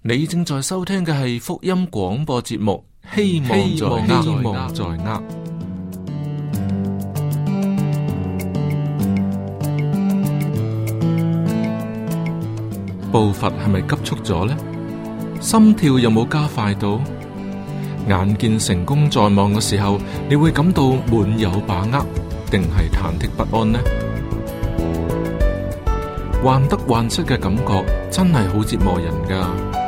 你正在收聽嘅係福音廣播節目，希望希望在握，步伐係咪急促咗呢？心跳有冇加快到？眼見成功在望嘅時候，你會感到滿有把握，定係忐忑不安呢？患得患失嘅感覺真係好折磨人噶。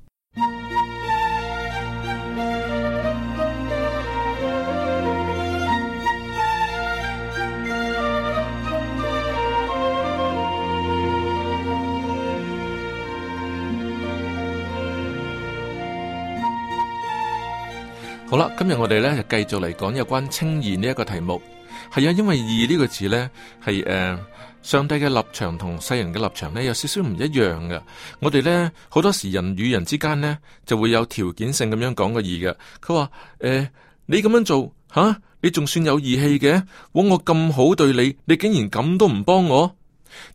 好啦，今日我哋咧就繼續嚟講有關清義呢一個題目，係啊，因為義呢個字咧係誒上帝嘅立場同世人嘅立場咧有少少唔一樣嘅。我哋咧好多時人與人之間咧就會有條件性咁樣講個義嘅。佢話誒你咁樣做吓，啊，你仲算有義氣嘅，枉我咁好對你，你竟然咁都唔幫我。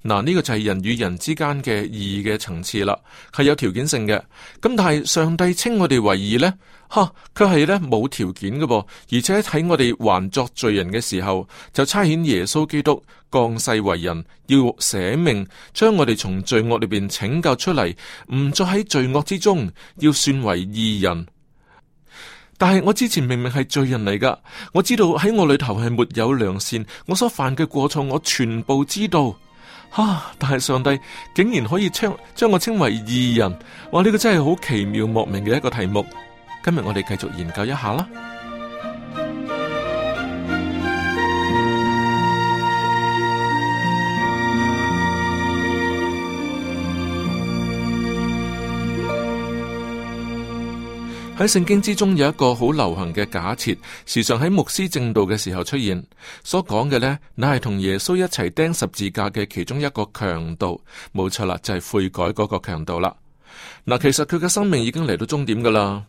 嗱，呢個就係人與人之間嘅義嘅層次啦，係有條件性嘅。咁但係上帝稱我哋為義呢？吓佢係呢，冇條件嘅噃，而且喺我哋還作罪人嘅時候，就差遣耶穌基督降世為人，要捨命將我哋從罪惡裏邊拯救出嚟，唔再喺罪惡之中，要算為義人。但係我之前明明係罪人嚟，噶我知道喺我裏頭係沒有良善，我所犯嘅過錯我全部知道。啊！但係上帝竟然可以稱將我稱為義人，哇！呢個真係好奇妙莫名嘅一個題目。今日我哋繼續研究一下啦。喺聖經之中有一個好流行嘅假設，時常喺牧師正道嘅時候出現。所講嘅呢，乃係同耶穌一齊釘十字架嘅其中一個強盜。冇錯啦，就係、是、悔改嗰個強盜啦。嗱，其實佢嘅生命已經嚟到終點噶啦。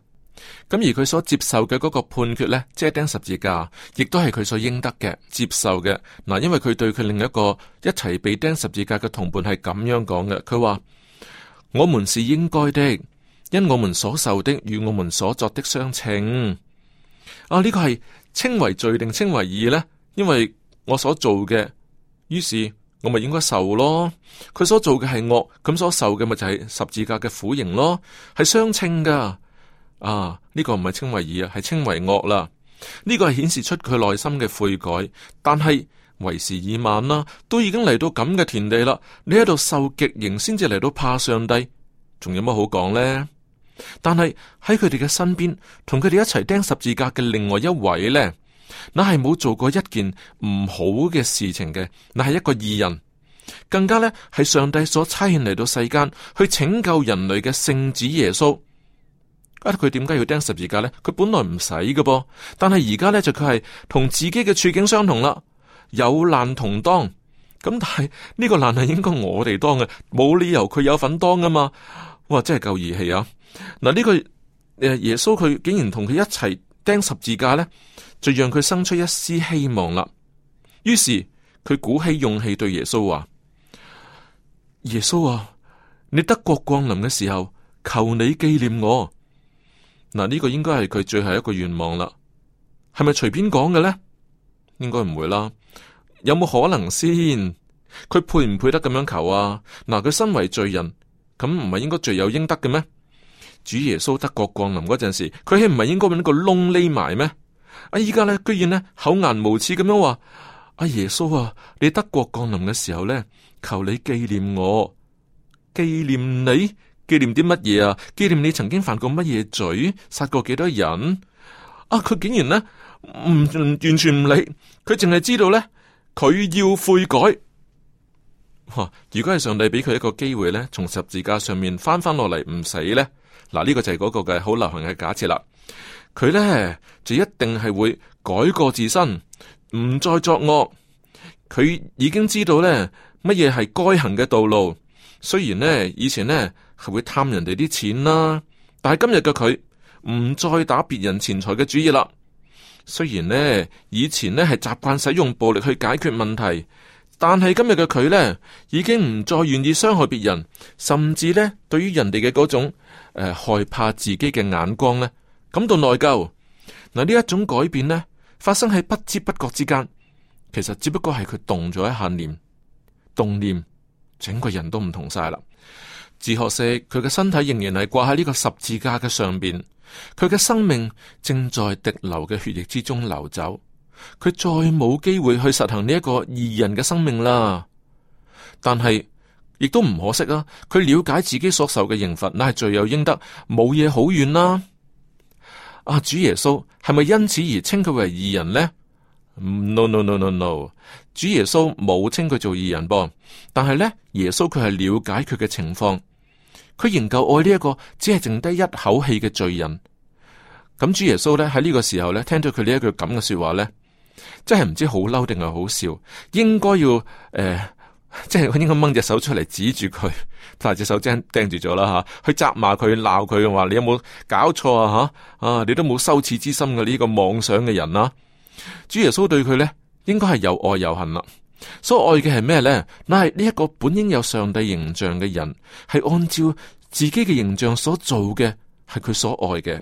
咁而佢所接受嘅嗰個判決呢，即係釘十字架，亦都係佢所應得嘅接受嘅。嗱，因為佢對佢另一個一齊被釘十字架嘅同伴係咁樣講嘅，佢話：我們是應該的。因我們所受的與我們所作的相稱，啊呢個係稱為罪定稱為義呢？因為我所做嘅，於是我咪應該受咯。佢所做嘅係惡，咁所受嘅咪就係十字架嘅苦刑咯，係相稱噶。啊呢個唔係稱為義啊，係稱為惡啦。呢個係顯示出佢內心嘅悔改，但係為時已晚啦，都已經嚟到咁嘅田地啦。你喺度受極刑，先至嚟到怕上帝，仲有乜好講呢？但係喺佢哋嘅身邊，同佢哋一齊釘十字架嘅另外一位呢，那係冇做過一件唔好嘅事情嘅，那係一個義人，更加呢，係上帝所差遣嚟到世間去拯救人類嘅聖子耶穌。咁佢點解要釘十字架呢？佢本來唔使嘅噃，但係而家呢，就佢係同自己嘅處境相同啦，有難同當。咁但係呢個難係應該我哋當嘅，冇理由佢有份當噶嘛？哇，真係夠義氣啊！嗱，呢個誒，耶穌佢竟然同佢一齊釘十字架咧，就讓佢生出一絲希望啦。於是佢鼓起勇氣對耶穌話：耶穌啊，你得國降臨嘅時候，求你紀念我。嗱，呢個應該係佢最後一個願望啦。係咪隨便講嘅咧？應該唔會啦。有冇可能先？佢配唔配得咁樣求啊？嗱，佢身為罪人，咁唔係應該罪有應得嘅咩？主耶穌德國降臨嗰陣時，佢係唔係應該搵個窿匿埋咩？啊！依家咧，居然咧，厚顏無恥咁樣話：，阿、啊、耶穌啊，你德國降臨嘅時候咧，求你紀念我，紀念你，紀念啲乜嘢啊？紀念你曾經犯過乜嘢罪，殺過幾多人？啊！佢竟然咧，唔完全唔理，佢淨係知道咧，佢要悔改。哇、啊！如果係上帝俾佢一個機會咧，從十字架上面翻翻落嚟唔死咧？嗱，呢個就係嗰個嘅好流行嘅假設啦。佢呢就一定係會改過自身，唔再作惡。佢已經知道呢乜嘢係該行嘅道路。雖然呢以前呢係會貪人哋啲錢啦，但係今日嘅佢唔再打別人錢財嘅主意啦。雖然呢以前呢係習慣使用暴力去解決問題。但係今日嘅佢呢，已經唔再願意傷害別人，甚至呢對於人哋嘅嗰種誒、呃、害怕自己嘅眼光呢，感到內疚。嗱，呢一種改變呢，發生喺不知不覺之間，其實只不過係佢動咗一下念，動念整個人都唔同晒啦。只可惜佢嘅身體仍然係掛喺呢個十字架嘅上邊，佢嘅生命正在滴流嘅血液之中流走。佢再冇機會去實行呢一個義人嘅生命啦，但係亦都唔可惜啦，啊。佢了解自己所受嘅刑罰，乃係罪有應得，冇嘢好怨啦。啊，主耶穌係咪因此而稱佢為義人呢 no？No no no no no。主耶穌冇稱佢做義人噃，但係呢，耶穌佢係了解佢嘅情況，佢仍舊愛呢、這、一個只係剩低一口氣嘅罪人。咁，嗯、主耶穌呢喺呢個時候呢，聽到佢呢一句咁嘅說話呢，真係唔知好嬲定係好笑，應該要誒、呃，即係應該掹隻手出嚟指住佢，但係隻手已經釘住咗啦吓，去責罵佢、鬧佢話，你有冇搞錯啊吓啊，你都冇羞恥之心嘅呢、這個妄想嘅人啊！主耶穌對佢咧，應該係又愛又恨啦。所愛嘅係咩咧？乃係呢一個本應有上帝形象嘅人，係按照自己嘅形象所做嘅，係佢所愛嘅。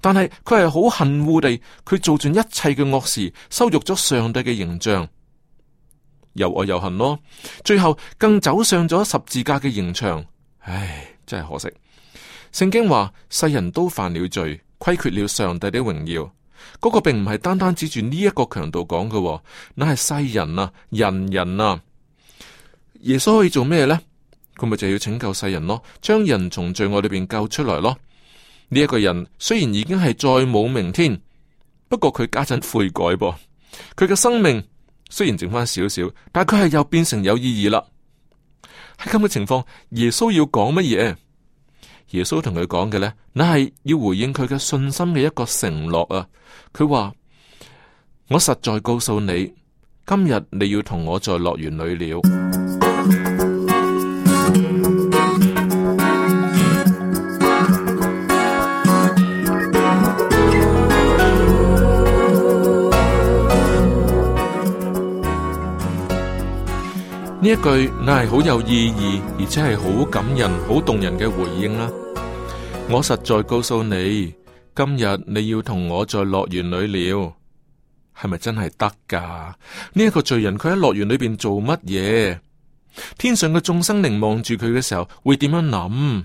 但係佢係好恨惡地，佢做盡一切嘅惡事，羞辱咗上帝嘅形象，又愛又恨咯。最後更走上咗十字架嘅刑場，唉,真係可惜。聖經話世人都犯了罪，虧缺了上帝的榮耀。嗰個並唔係單單指住呢一個強盜講嘅，乃係世人啊，人人啊。耶穌可以做咩呢？佢咪就要拯救世人咯，將人從罪惡裏邊救出來咯。呢一個人雖然已經係再冇明天，不過佢家陣悔改噃，佢嘅生命雖然剩翻少少，但佢係又變成有意義啦。喺咁嘅情況，耶穌要講乜嘢？耶穌同佢講嘅呢，那係要回應佢嘅信心嘅一個承諾啊！佢話：我實在告訴你，今日你要同我在樂園裏了。呢一句，那係好有意義，而且係好感人、好動人嘅回應啦。我實在告訴你，今日你要同我在樂園裏了，係咪真係得噶？呢一個罪人，佢喺樂園裏邊做乜嘢？天上嘅眾生靈望住佢嘅時候，會點樣諗？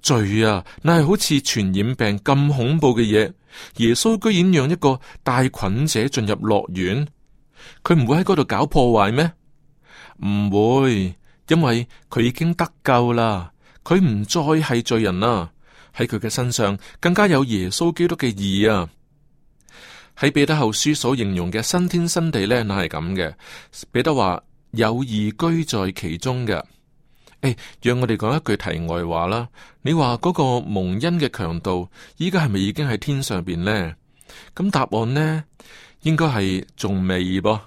罪啊，那係好似傳染病咁恐怖嘅嘢。耶穌居然讓一個帶菌者進入樂園，佢唔會喺嗰度搞破壞咩？唔會，因為佢已經得救啦，佢唔再係罪人啦。喺佢嘅身上更加有耶穌基督嘅義啊。喺彼得後書所形容嘅新天新地呢，嗱係咁嘅。彼得話有義居在其中嘅。誒、哎，讓我哋講一句題外話啦。你話嗰個蒙恩嘅強盜，依家係咪已經喺天上邊呢？咁答案呢，應該係仲未噃。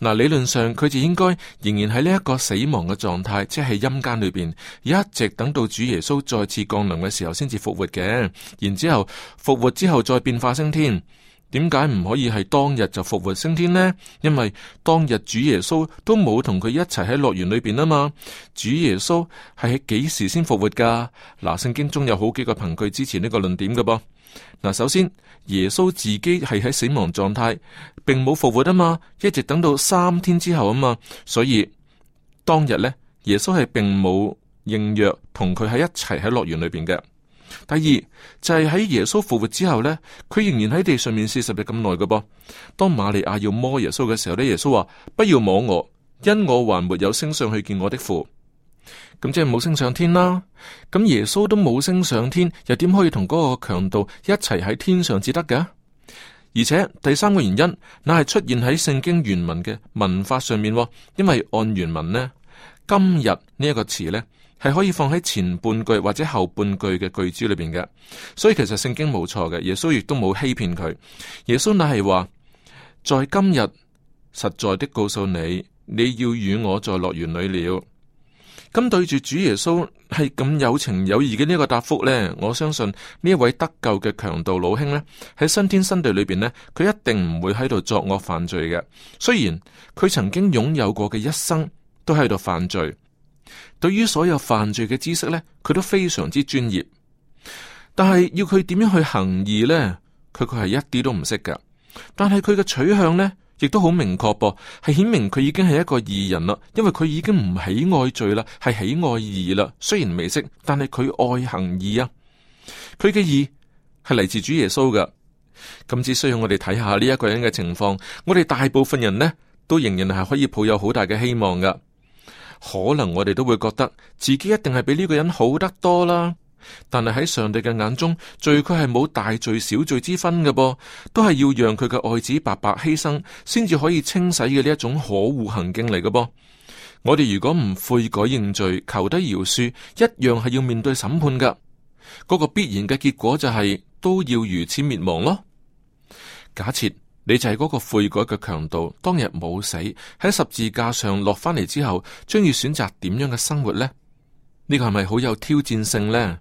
嗱，理論上佢就應該仍然喺呢一個死亡嘅狀態，即係陰間裏邊，一直等到主耶穌再次降臨嘅時候，先至復活嘅。然之後復活之後再變化升天。點解唔可以係當日就復活升天呢？因為當日主耶穌都冇同佢一齊喺樂園裏邊啊嘛。主耶穌係喺幾時先復活噶？嗱，聖經中有好幾個憑據支持呢個論點嘅噃。嗱，首先耶穌自己係喺死亡狀態，並冇復活啊嘛，一直等到三天之後啊嘛，所以當日咧，耶穌係並冇應約同佢喺一齊喺樂園裏邊嘅。第二就係、是、喺耶穌復活之後咧，佢仍然喺地上面四十日咁耐嘅噃。當瑪利亞要摸耶穌嘅時候咧，耶穌話：不要摸我，因我還沒有升上去見我的父。咁即係冇升上天啦。咁耶穌都冇升上天，又點可以同嗰個強盜一齊喺天上至得㗎？而且第三個原因，那係出現喺聖經原文嘅文法上面，因為按原文呢今日呢一個詞呢係可以放喺前半句或者後半句嘅句子裏邊嘅，所以其實聖經冇錯嘅。耶穌亦都冇欺騙佢。耶穌那係話在今日實在的告訴你，你要與我在樂園裏了。咁對住主耶穌係咁有情有義嘅呢一個答覆呢。我相信呢一位得救嘅強盜老兄呢，喺新天新地裏邊呢，佢一定唔會喺度作惡犯罪嘅。雖然佢曾經擁有過嘅一生都喺度犯罪，對於所有犯罪嘅知識呢，佢都非常之專業，但係要佢點樣去行義呢？佢佢係一啲都唔識噶。但係佢嘅取向呢？亦都好明確噃，係顯明佢已經係一個義人啦，因為佢已經唔喜愛罪啦，係喜愛義啦。雖然未識，但係佢愛行義啊。佢嘅義係嚟自主耶穌噶。咁只需要我哋睇下呢一個人嘅情況，我哋大部分人呢都仍然係可以抱有好大嘅希望噶。可能我哋都會覺得自己一定係比呢個人好得多啦。但係喺上帝嘅眼中，罪佢係冇大罪小罪之分嘅，噃，都係要讓佢嘅愛子白白犧牲，先至可以清洗嘅呢一種可惡行徑嚟嘅。噉，我哋如果唔悔改認罪，求得饒恕，一樣係要面對審判嘅。嗰個必然嘅結果就係都要如此滅亡咯。假設你就係嗰個悔改嘅強盜，當日冇死喺十字架上落翻嚟之後，將要選擇點樣嘅生活呢？呢個係咪好有挑戰性呢？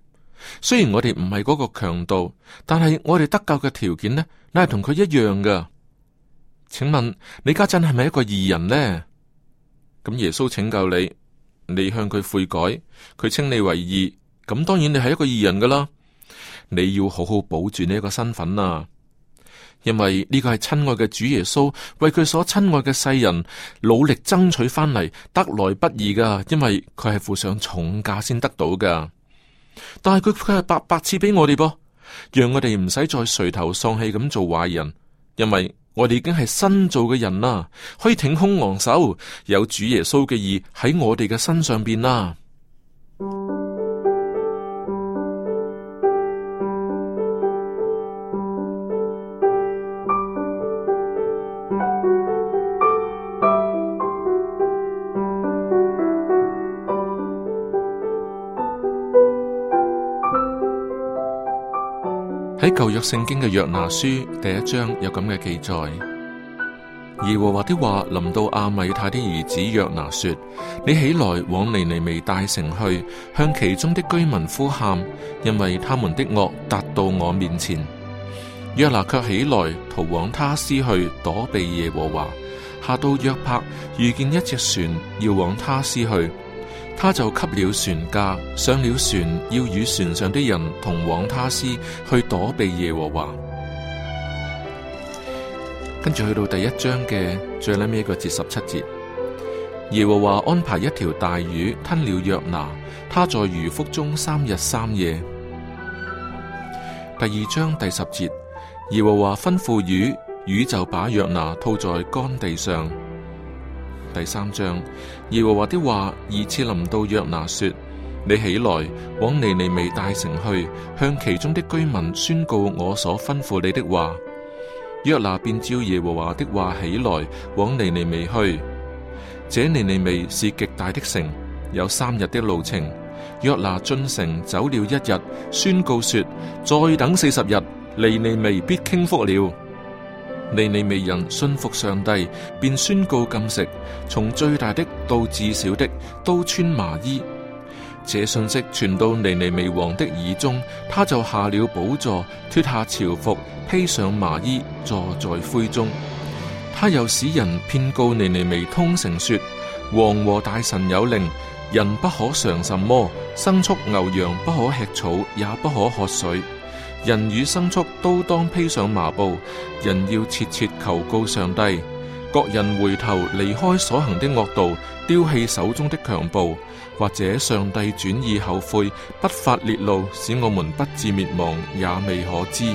雖然我哋唔係嗰個強盜，但係我哋得救嘅條件呢，你係同佢一樣嘅。請問你家陣係咪一個義人呢？咁耶穌拯救你，你向佢悔改，佢稱你為義，咁當然你係一個義人噶啦。你要好好保住呢一個身份啊，因為呢個係親愛嘅主耶穌為佢所親愛嘅世人努力爭取翻嚟，得來不易噶，因為佢係付上重價先得到噶。但係佢，佢係白白賜俾我哋噃，讓我哋唔使再垂頭喪氣咁做壞人，因為我哋已經係新造嘅人啦，可以挺胸昂首，有主耶穌嘅義喺我哋嘅身上邊啦。 喺舊約聖經嘅約拿書第一章有咁嘅記載，耶和華的話臨到亞米太的兒子約拿說：你起來往尼尼微大城去，向其中的居民呼喊，因為他們的惡達到我面前。約拿卻起來逃往他施去躲避耶和華，下到約帕，遇見一隻船要往他施去。他就給了船家，上了船，要與船上的人同往他斯去躲避耶和華。跟住去到第一章嘅最尾一個節十七節，耶和華安排一條大魚吞了約拿，他在魚腹中三日三夜。第二章第十節，耶和華吩咐魚，魚就把約拿吐在乾地上。第三章，耶和華的話二次臨到約拿，說：你起來往尼尼微大城去，向其中的居民宣告我所吩咐你的話。約拿便照耶和華的話起來往尼尼微去。這尼尼微是極大的城，有三日的路程。約拿進城走了一日，宣告說：再等四十日，尼尼微必傾覆了。尼尼微人信服上帝，便宣告禁食，從最大的到至小的都穿麻衣。這信息傳到尼尼微王的耳中，他就下了寶座，脫下朝服，披上麻衣，坐在灰中。他又使人遍告尼尼微通城說：王和大臣有令，人不可嘗什麼，牲畜牛羊不可吃草，也不可喝水。人與牲畜都當披上麻布，人要切切求告上帝，各人回頭離開所行的惡道，丟棄手中的強暴，或者上帝轉意後悔，不發烈怒，使我們不至滅亡，也未可知。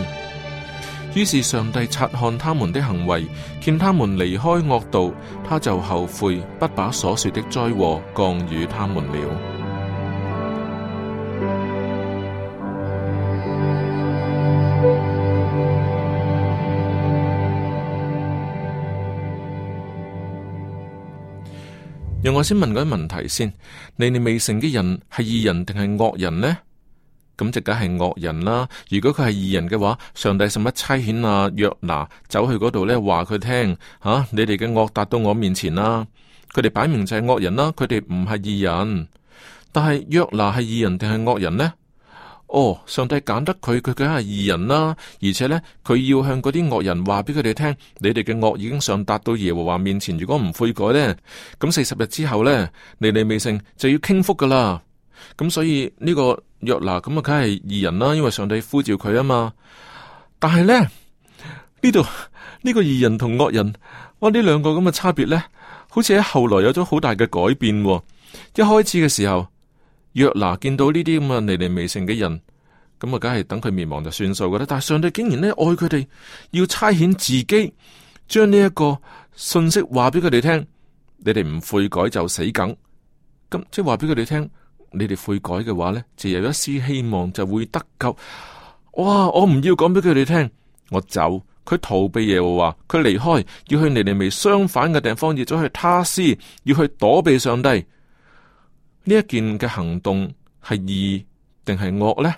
於是上帝察看他們的行為，見他們離開惡道，他就後悔，不把所說的災禍降與他們了。我先問個問題先，你哋未成嘅人係異人定係惡人呢？咁就梗係惡人啦。如果佢係異人嘅話，上帝使乜差遣啊？約拿走去嗰度呢，話佢聽吓，你哋嘅惡達到我面前啦、啊。佢哋擺明就係惡人啦，佢哋唔係異人。但係約拿係異人定係惡人呢？哦，上帝揀得佢，佢梗係義人啦、啊。而且呢，佢要向嗰啲惡人話俾佢哋聽，你哋嘅惡已經上達到耶和華面前。如果唔悔改呢，咁四十日之後呢，你哋未勝就要傾覆噶啦。咁所以呢個約拿，咁啊，梗係義人啦，因為上帝呼召佢啊嘛。但係呢，呢度呢個義人同惡人，哇呢兩個咁嘅差別呢，好似喺後來有咗好大嘅改變、啊。一開始嘅時候。約拿見到呢啲咁啊，尼尼微城嘅人，咁啊，梗係等佢滅亡就算數嘅啦。但係上帝竟然咧愛佢哋，要差遣自己將呢一個信息話俾佢哋聽，你哋唔悔改就死梗。咁即係話俾佢哋聽，你哋悔改嘅話呢，就有一絲希望，就會得救。哇！我唔要講俾佢哋聽，我走，佢逃避耶和華，佢離開，要去尼尼微相反嘅地方，要走去他施，要去躲避上帝。呢一件嘅行動係義定係惡呢？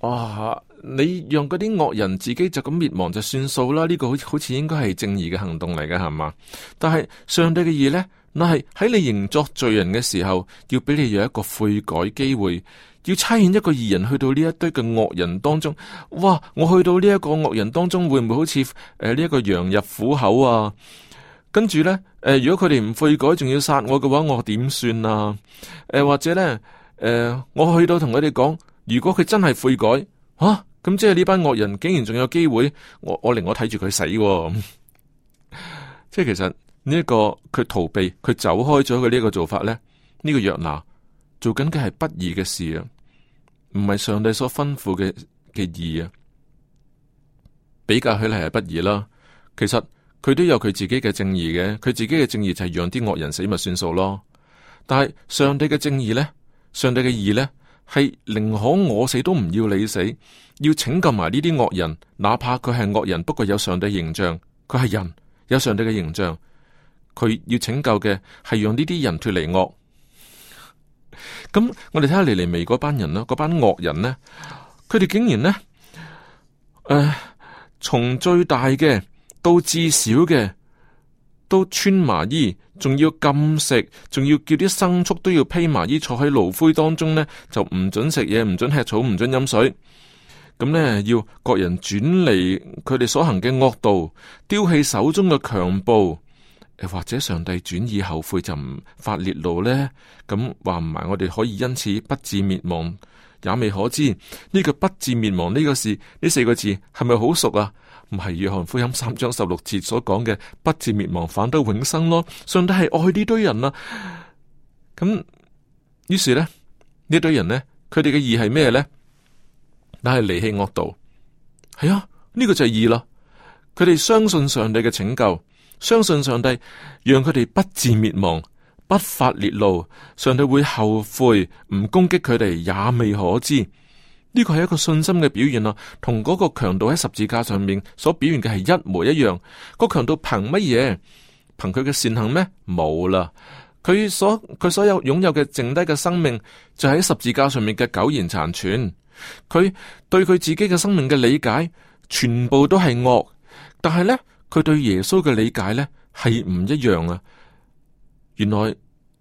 哇！你讓嗰啲惡人自己就咁滅亡就算數啦。呢個好似好似應該係正義嘅行動嚟嘅係嘛？但係上帝嘅義呢，那係喺你仍作罪人嘅時候，要俾你有一個悔改機會，要差遣一個義人去到呢一堆嘅惡人當中。哇！我去到呢一個惡人當中，會唔會好似誒呢一個羊入虎口啊？跟住呢，誒、呃，如果佢哋唔悔改，仲要殺我嘅話，我點算啊？誒、呃，或者呢，誒、呃，我去到同佢哋講，如果佢真係悔改，吓、啊，咁、嗯、即係呢班惡人竟然仲有機會，我我令我睇住佢死、哦， 即係其實呢一、這個佢逃避佢走開咗佢呢個做法呢，呢、這個約拿做緊嘅係不義嘅事啊，唔係上帝所吩咐嘅嘅義啊，比較起嚟係不義啦。其實。佢都有佢自己嘅正義嘅，佢自己嘅正義就係讓啲惡人死咪算數咯。但係上帝嘅正義呢？上帝嘅義呢？係寧可我死都唔要你死，要拯救埋呢啲惡人，哪怕佢係惡人，不過有上帝形象，佢係人，有上帝嘅形象，佢要拯救嘅係讓呢啲人脫離惡。咁我哋睇下尼尼微嗰班人啦，嗰班惡人呢？佢哋竟然呢？誒、呃，從最大嘅。都至少嘅，都穿麻衣，仲要禁食，仲要叫啲牲畜都要披麻衣，坐喺爐灰當中呢，就唔准食嘢，唔准吃草，唔准飲水。咁呢，要各人轉離佢哋所行嘅惡道，丟棄手中嘅強暴。或者上帝轉意後悔就唔發烈怒呢，咁話唔埋，我哋可以因此不至滅亡，也未可知。呢個不至滅亡呢個事，呢四個字係咪好熟啊？唔係約翰福音三章十六節所講嘅不至滅亡反得永生咯，上帝係愛呢堆人啦，啊。咁於是呢，呢堆人呢，佢哋嘅意係咩呢？「但係離棄惡道」，係啊，呢個就係意咯。佢哋相信上帝嘅拯救，相信上帝讓佢哋不至滅亡，不發烈怒，上帝會後悔唔攻擊佢哋也未可知。呢個係一個信心嘅表現啊。同嗰個強盜喺十字架上面所表現嘅係一模一樣。個強盜憑乜嘢？憑佢嘅善行咩？冇啦，佢所佢所有擁有嘅剩低嘅生命就喺、是、十字架上面嘅苟延殘喘。佢對佢自己嘅生命嘅理解全部都係惡，但係呢，佢對耶穌嘅理解呢，係唔一樣啊。原來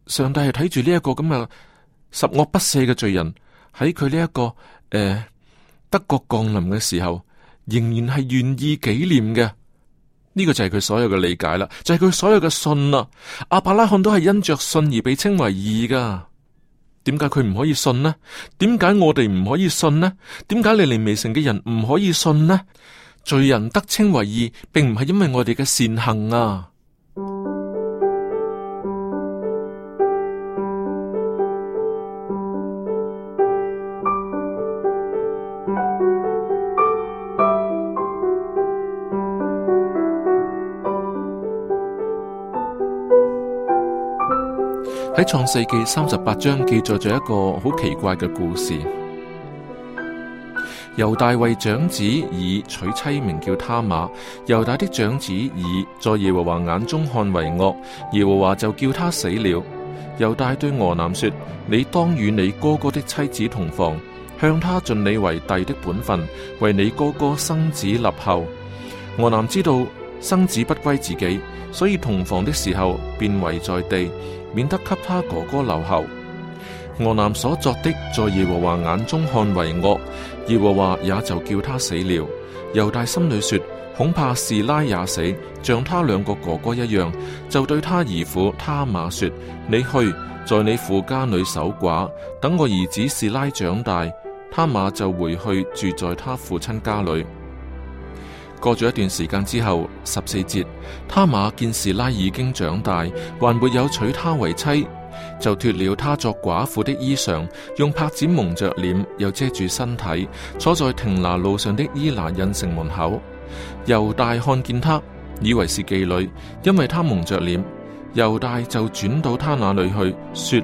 上帝係睇住呢一個咁啊、這個、十惡不赦嘅罪人喺佢呢一個。誒，德國降臨嘅時候，仍然係願意紀念嘅。呢、這個就係佢所有嘅理解啦，就係、是、佢所有嘅信啦。阿伯拉罕都係因着信而被稱為義噶。點解佢唔可以信呢？點解我哋唔可以信呢？點解你連未成嘅人唔可以信呢？罪人得稱為義，並唔係因為我哋嘅善行啊。喺創世記三十八章記載咗一個好奇怪嘅故事。猶大為長子，以娶妻名叫他馬。猶大的長子以，在耶和華眼中看為惡，耶和華就叫他死了。猶大對俄南說：你當與你哥哥的妻子同房，向他盡你為弟的本分，為你哥哥生子立後。俄南知道生子不歸自己，所以同房的時候便遺在地。免得給他哥哥留後，俄南所作的在耶和華眼中看為惡，耶和華也就叫他死了。猶大心裏說，恐怕是拉也死，像他兩個哥哥一樣，就對他姨父他馬說：你去，在你父家裏守寡，等我兒子是拉長大，他馬就回去住在他父親家裏。過咗一段時間之後，十四節，他瑪見士拉已經長大，還沒有娶她為妻，就脫了他作寡婦的衣裳，用帕子蒙着臉，又遮住身體，坐在亭拿路上的伊拿印城門口。猶大看見他，以為是妓女，因為他蒙着臉。猶大就轉到他那裏去，說：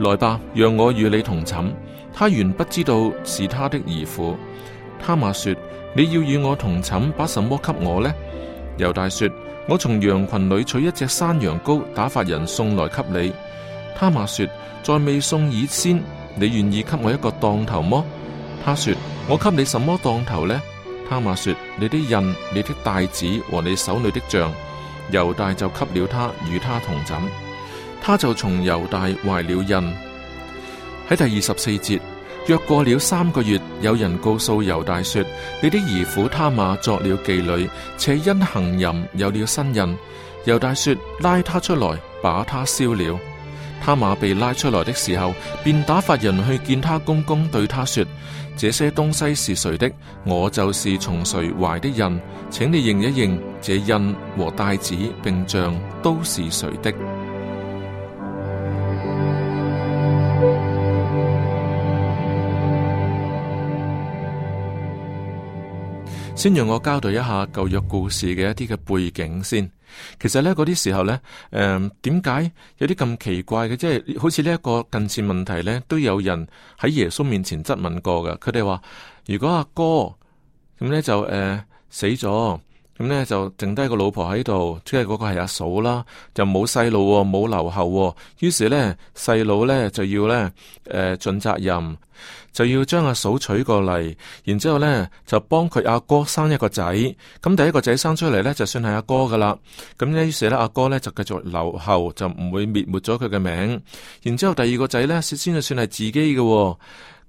來吧，讓我與你同寢。他原不知道是他的兒婦。他馬說。你要與我同寢，把什麼給我呢？猶大說：我從羊群裏取一隻山羊羔，打發人送來給你。他瑪說：在未送以先，你願意給我一個當頭麼？他說：我給你什麼當頭呢？他瑪說：你的印、你的帶子和你手裏的杖。」猶大就給了他，與他同寢。他就從猶大懷了孕。喺第二十四節。約過了三個月，有人告訴猶大說：你的姨父他馬作了妓女，且因行淫有了身孕。」猶大說：拉他出來，把他燒了。他馬被拉出來的時候，便打發人去見他公公，對他說：這些東西是誰的，我就是從誰懷的印，請你認一認，這印和帶子並像都是誰的。先讓我交代一下舊約故事嘅一啲嘅背景先。其實呢，嗰啲時候呢，誒點解有啲咁奇怪嘅？即係好似呢一個近似問題呢，都有人喺耶穌面前質問過嘅。佢哋話：如果阿哥咁呢，就誒、呃、死咗。咁呢、嗯、就剩低個老婆喺度，即係嗰個係阿嫂啦，就冇細路，冇留後、哦。於是呢，細佬呢就要呢誒盡、呃、責任，就要將阿嫂娶過嚟，然之後咧就幫佢阿哥生一個仔。咁、嗯、第一個仔生出嚟呢，就算係阿哥噶啦。咁、嗯、呢，於是呢，阿哥呢就繼續留後，就唔會滅沒咗佢嘅名。然之後第二個仔呢，先就算係自己嘅、哦。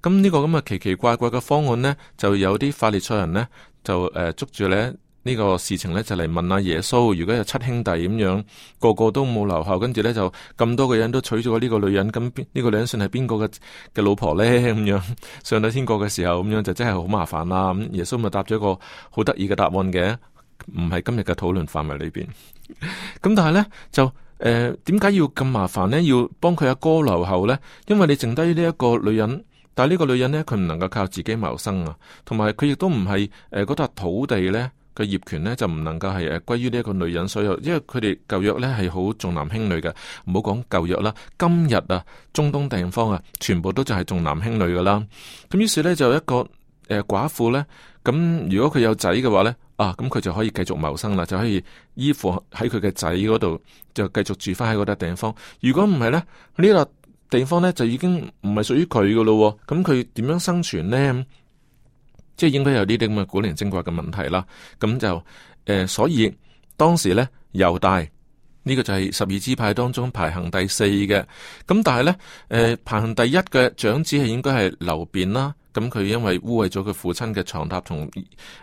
咁、嗯、呢、這個咁嘅奇奇怪怪嘅方案呢，就有啲法利賽人呢，就誒、呃、捉住呢。呢個事情咧就嚟問阿、啊、耶穌。如果有七兄弟咁樣，個個都冇留後，跟住咧就咁多個人都娶咗呢個女人，咁、這、呢個女人算係邊個嘅嘅老婆咧？咁樣上到天國嘅時候，咁樣就真係好麻煩啦。咁、嗯、耶穌咪答咗一個好得意嘅答案嘅，唔係今日嘅討論範圍裏邊。咁 但係咧就誒點解要咁麻煩咧？要幫佢阿哥留後咧，因為你剩低呢一個女人，但係呢個女人咧佢唔能夠靠自己謀生啊，同埋佢亦都唔係誒嗰笪土地咧。個業權咧就唔能夠係誒歸於呢一個女人所有，因為佢哋舊約咧係好重男輕女嘅。唔好講舊約啦，今日啊中東地方啊，全部都就係重男輕女噶啦。咁於是咧就一個誒寡婦咧，咁如果佢有仔嘅話咧，啊咁佢就可以繼續謀生啦，就可以依附喺佢嘅仔嗰度，就繼續住翻喺嗰笪地方。如果唔係咧，呢個地方咧就已經唔係屬於佢噶咯，咁佢點樣生存咧？即係應該有呢啲咁嘅古靈精怪嘅問題啦。咁就誒、呃，所以當時咧猶大呢、呢個就係十二支派當中排行第四嘅。咁但係咧誒，排行第一嘅長子係應該係流便啦。咁佢因為污衊咗佢父親嘅床榻，同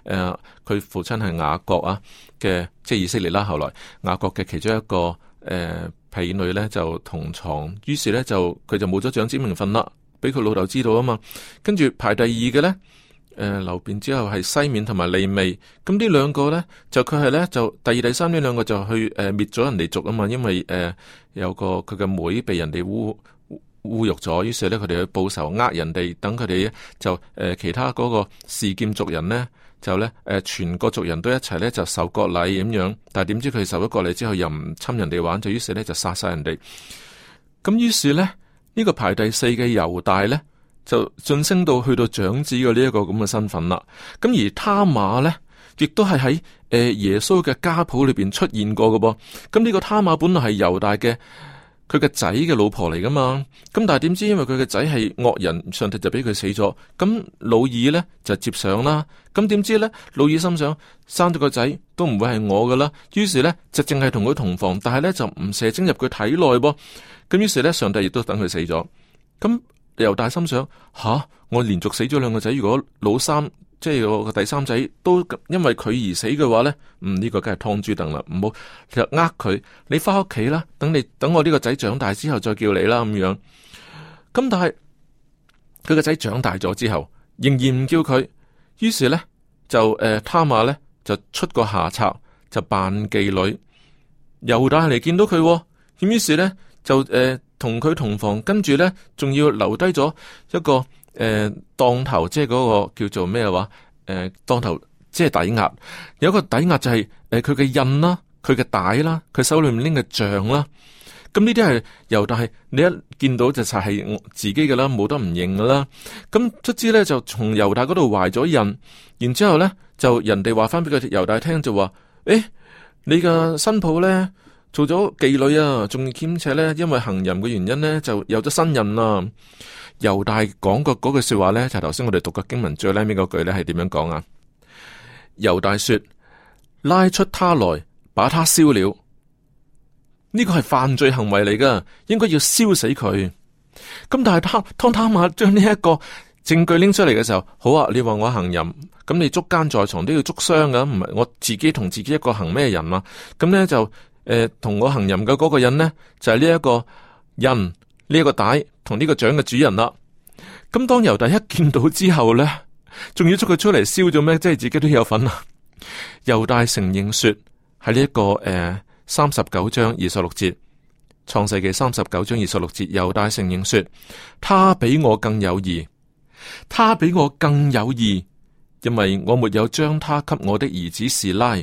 誒佢父親係雅各啊嘅，即係以色列啦。後來雅各嘅其中一個誒婢、呃、女咧就同床，於是咧就佢就冇咗長子名分啦。俾佢老豆知道啊嘛，跟住排第二嘅咧。誒，流變之後係西面同埋利未。咁呢兩個呢，就佢係呢，就第二第三呢兩個就去誒滅咗人哋族啊嘛，因為誒、呃、有個佢嘅妹被人哋侮污，污辱咗，於是呢，佢哋去報仇呃人哋，等佢哋就誒、呃、其他嗰個士劍族人呢，就呢，誒、呃、全個族人都一齊呢，就受國禮咁樣，但係點知佢受咗國禮之後又唔侵人哋玩，就於是呢，就殺晒人哋，咁於是呢、呢、這個排第四嘅猶大呢，就晉陞到去到長子嘅呢一個咁嘅身份啦。咁而他瑪咧，亦都係喺誒耶穌嘅家譜裏邊出現過嘅噃。咁、啊、呢、這個他瑪本來係猶大嘅佢嘅仔嘅老婆嚟噶嘛。咁、啊、但係點知因為佢嘅仔係惡人，上帝就俾佢死咗。咁老二咧就接上啦。咁、啊、點、啊、知咧老二心想生咗個仔都唔會係我噶啦。於是咧就淨係同佢同房，但係咧就唔射精入佢體內噃。咁、啊、於是咧上帝亦都等佢死咗。咁、啊啊又大心想吓，我連續死咗兩個仔，如果老三即係我個第三仔都因為佢而死嘅話咧，嗯呢、這個梗係劏豬凳啦，唔好就呃佢。你翻屋企啦，等你等我呢個仔長大之後再叫你啦，咁樣。咁但係佢個仔長大咗之後，仍然唔叫佢。於是咧就誒，他瑪咧就出個下策，就扮妓女，猶大嚟見到佢。咁於是咧就誒。呃同佢同房，跟住咧，仲要留低咗一個誒當、呃、頭，即係嗰個叫做咩話？誒當頭，即係抵押。有一個抵押就係誒佢嘅印啦，佢嘅帶啦，佢手裏面拎嘅杖啦。咁呢啲係猶大，你一見到就係係自己噶啦，冇得唔認噶啦。咁、嗯、卒之咧就從猶大嗰度懷咗印，然之後咧就人哋話翻俾佢猶大聽就話：誒、欸，你嘅新抱咧？做咗妓女啊，仲牽扯呢？因為行淫嘅原因呢，就有咗身孕啦。猶大講嘅嗰句說話呢，就係頭先我哋讀嘅經文最尾嗰句呢，係點樣講啊？猶大說：拉出他來，把他燒了。呢個係犯罪行為嚟噶，應該要燒死佢。咁但係他托他瑪將呢一個證據拎出嚟嘅時候，好啊，你話我行淫，咁你捉奸在床都要捉雙噶、啊，唔係我自己同自己一個行咩人嘛、啊？咁呢就。誒、同、呃、我行淫嘅嗰個人呢，就係呢一個印、呢一個帶同呢個杖嘅主人啦。咁當猶大一見到之後呢，仲要捉佢出嚟燒咗咩？即係自己都有份啦。猶大承認說喺呢一個誒三十九章二十六節，創世記三十九章二十六節，猶大承認說，他比我更有義，他比我更有義，因為我沒有將他給我的兒子示拉。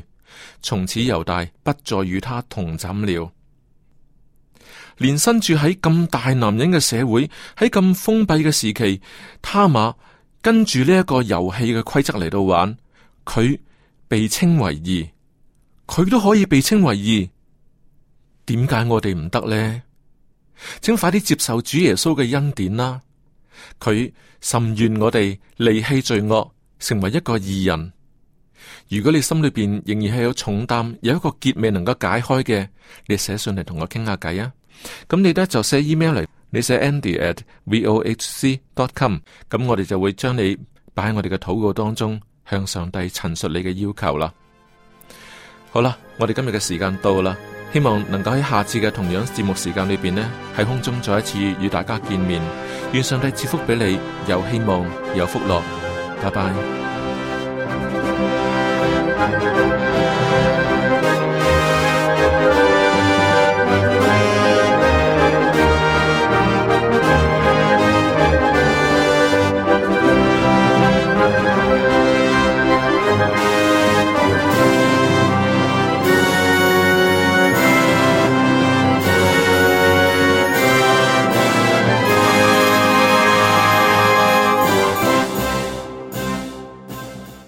從此猶大不再與他同枕了。連身住喺咁大男人嘅社會，喺咁封閉嘅時期，他瑪跟住呢一個遊戲嘅規則嚟到玩，佢被稱為義，佢都可以被稱為義。點解我哋唔得呢？請快啲接受主耶穌嘅恩典啦！佢甚願我哋離棄罪惡，成為一個義人。如果你心裏邊仍然係有重擔，有一個結未能夠解開嘅，你寫信嚟同我傾下偈啊！咁你咧就寫 email 嚟，你寫 andy at vohc dot com，咁我哋就會將你擺喺我哋嘅禱告當中，向上帝陳述你嘅要求啦。好啦，我哋今日嘅時間到啦，希望能夠喺下次嘅同樣節目時間裏邊呢，喺空中再一次與大家見面。願上帝賜福俾你，有希望，有福樂。拜拜。